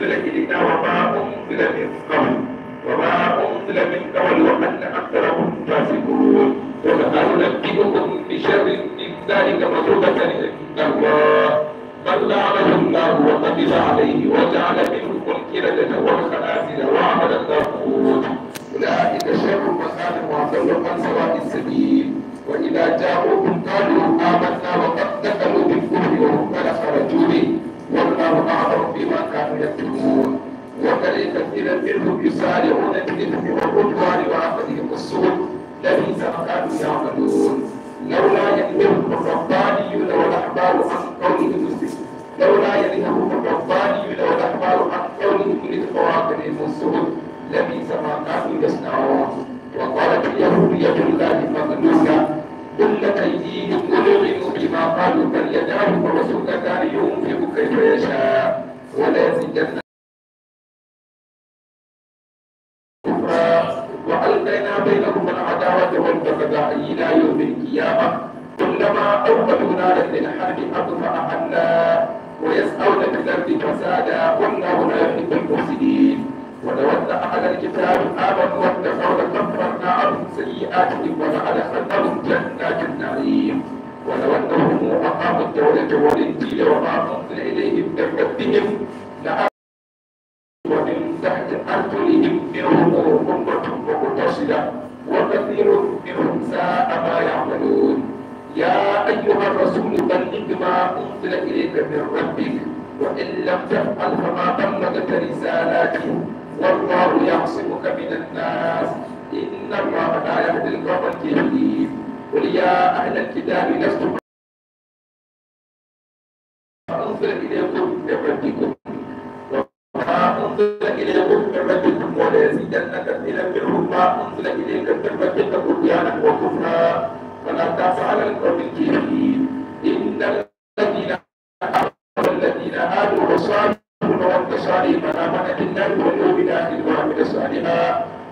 لكن وما أنزل من قبل وما أنزل من قبل وأن أكثرهم فاسقون وسأنبئكم بشر من ذلك مثوبة عند الله من لعنه الله وغضب عليه وجعل منهم كردة والخنازير وعبد الله منهم يسارعون في والرضوان ورحمتهم الصوت لبئس ما كانوا يعملون لولا ينههم الربانيون والاحبار عن قولهم لولا ينههم الربانيون والاحبار عن قولهم للخواطر المنصوب لبئس ما كانوا يصنعون وقالت اليهود يد الله مغلوله كلت ايديهم ولعنوا بما قالوا بل يداه مبسوطتان ينفق كيف يشاء ولا يزيدن وعدهم بقضاء إلى يوم القيامة كلما أوقدوا نارا للحرب أطفأها ويسألون بالأرض فسادا قل لا يحب المفسدين ولود أهل الكتاب آمنوا واتقوا لكفرنا عنهم سيئاتهم ولأدخلناهم جنات النعيم ولو أنهم أقاموا الدولة والإنجيل وما أنزل إليهم من ربهم لعلوا من تحت أرجلهم منهم الرسول بلغ ما أنزل إليك من ربك وإن لم تفعل فما بلغت رسالاته والله يعصمك من الناس إن الله لا يهدي القوم الكافرين قل يا أهل الكتاب لستم أنزل إليكم من ربكم وما أنزل إليكم من ربكم وليزيدن كثيرا منهم ما أنزل إليك من ربك طغيانا وكفرا فلا تفعل القوم الكافرين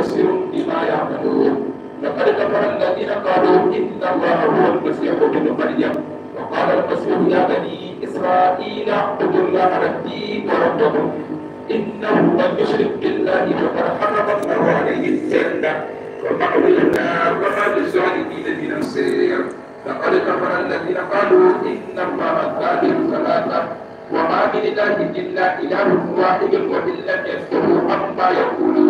بشير بما يعملون لقد كفر الذين قالوا ان الله هو المسيح ابن مريم وقال المسيح يا بني اسرائيل اعبدوا الله ربي وربكم انه من يشرك بالله فقد حرم الله عليه الجنه ومأوى النار وما للظالمين من انصير لقد كفر الذين قالوا ان الله ثالث ثلاثه وما من اله الا اله واحد وان لم يذكروا عما يقولون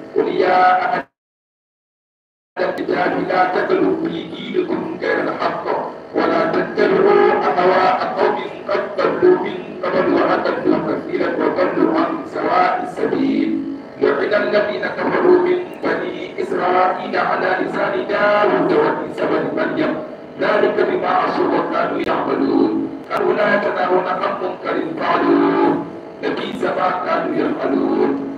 قل يا أهل الكتاب لا تغلوا في دينكم غير الحق ولا تتبعوا أهواء قوم قد ضلوا من قبل وأضلوا كثيرا وضلوا عن سواء السبيل لعن الذين كفروا من بني إسرائيل على لسان داود وعيسى بن مريم ذلك بما عصوا وكانوا يعملون كانوا لا يتناهون عن منكر فعلوه لبئس ما كانوا يفعلون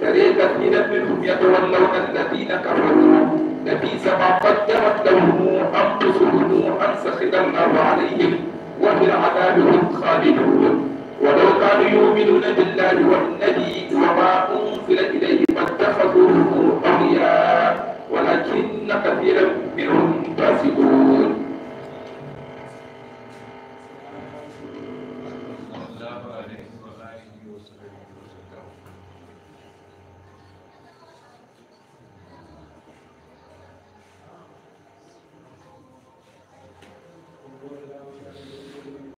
فريقا من منهم يتولون الذين كفروا لبئس ما قدمت لهم انفسهم ان سخط الله عليهم وفي العذاب هم خالدون ولو كانوا يؤمنون بالله والنبي وما انزل اليه ما اتخذوه اولياء ولكن كثيرا منهم فاسقون